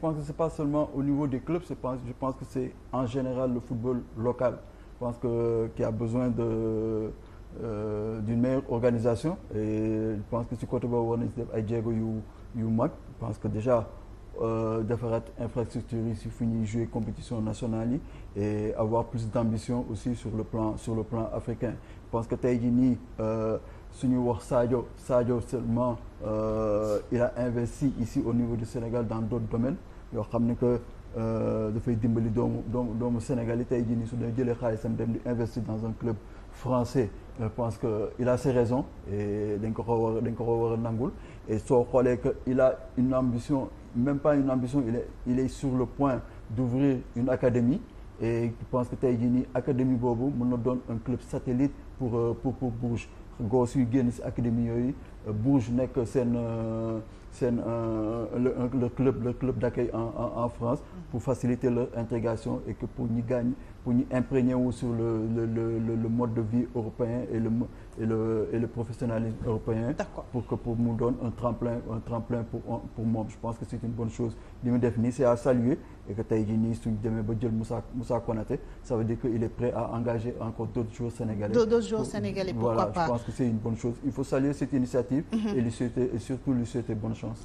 pense que c'est pas seulement au niveau des clubs je pense je pense que c'est en général le football local je pense que qui a besoin de euh, d'une meilleure organisation et je pense que si côté boobu war nañ si def ay jéego yu yu mag je pense que déjà euh, defaraat infrastructure yi si fu ñuy jouer compétition nationale yi et avoir plus d'ambition aussi sur le plan sur le plan africain je pense que tey jii nii euh, suñu wax Sadio Sadio seulement Euh, il a investi ici au niveau du Sénégal dans d'autres domaines yoo xam ne que euh, dafay dimbali doomu doomu doomu Sénégal yi tey jii nii su dee jëlee xaalisam dem di investir dans un club français je que il a ses raisons et dañ ko ko war dañ ko ko war a nangul et soo xoolee que il a une ambition même pas une ambition il est sur le point d'ouvrir une académie et je pense que tey jii nii académie boobu mën na doon un club satellite pour euh, pour pour Bourges goos yu génn si académie yooyu euh, Bruges nekk seen euh, seen euh, le le club le club d'accueil en en France pour faciliter leur intégration et pour ñu gaañ pour ñu imprégner wu sur le mode de vie européen et le et le et le professionnalisme européen. D'accord. pour que pour mu doon je pense que c'est une bonne chose li mu def c'est à saluer et que tey jii nii suñu Moussa Moussa Konaté ça veut dire est prêt à engager encore d'autres joueurs sénégalais. d'autres joueurs sénégalais voilà je pense que c'est une bonne chose il faut saluer cette initiative. Mhm. et lui souhaiter et surtout lui souhaiter bonne chance.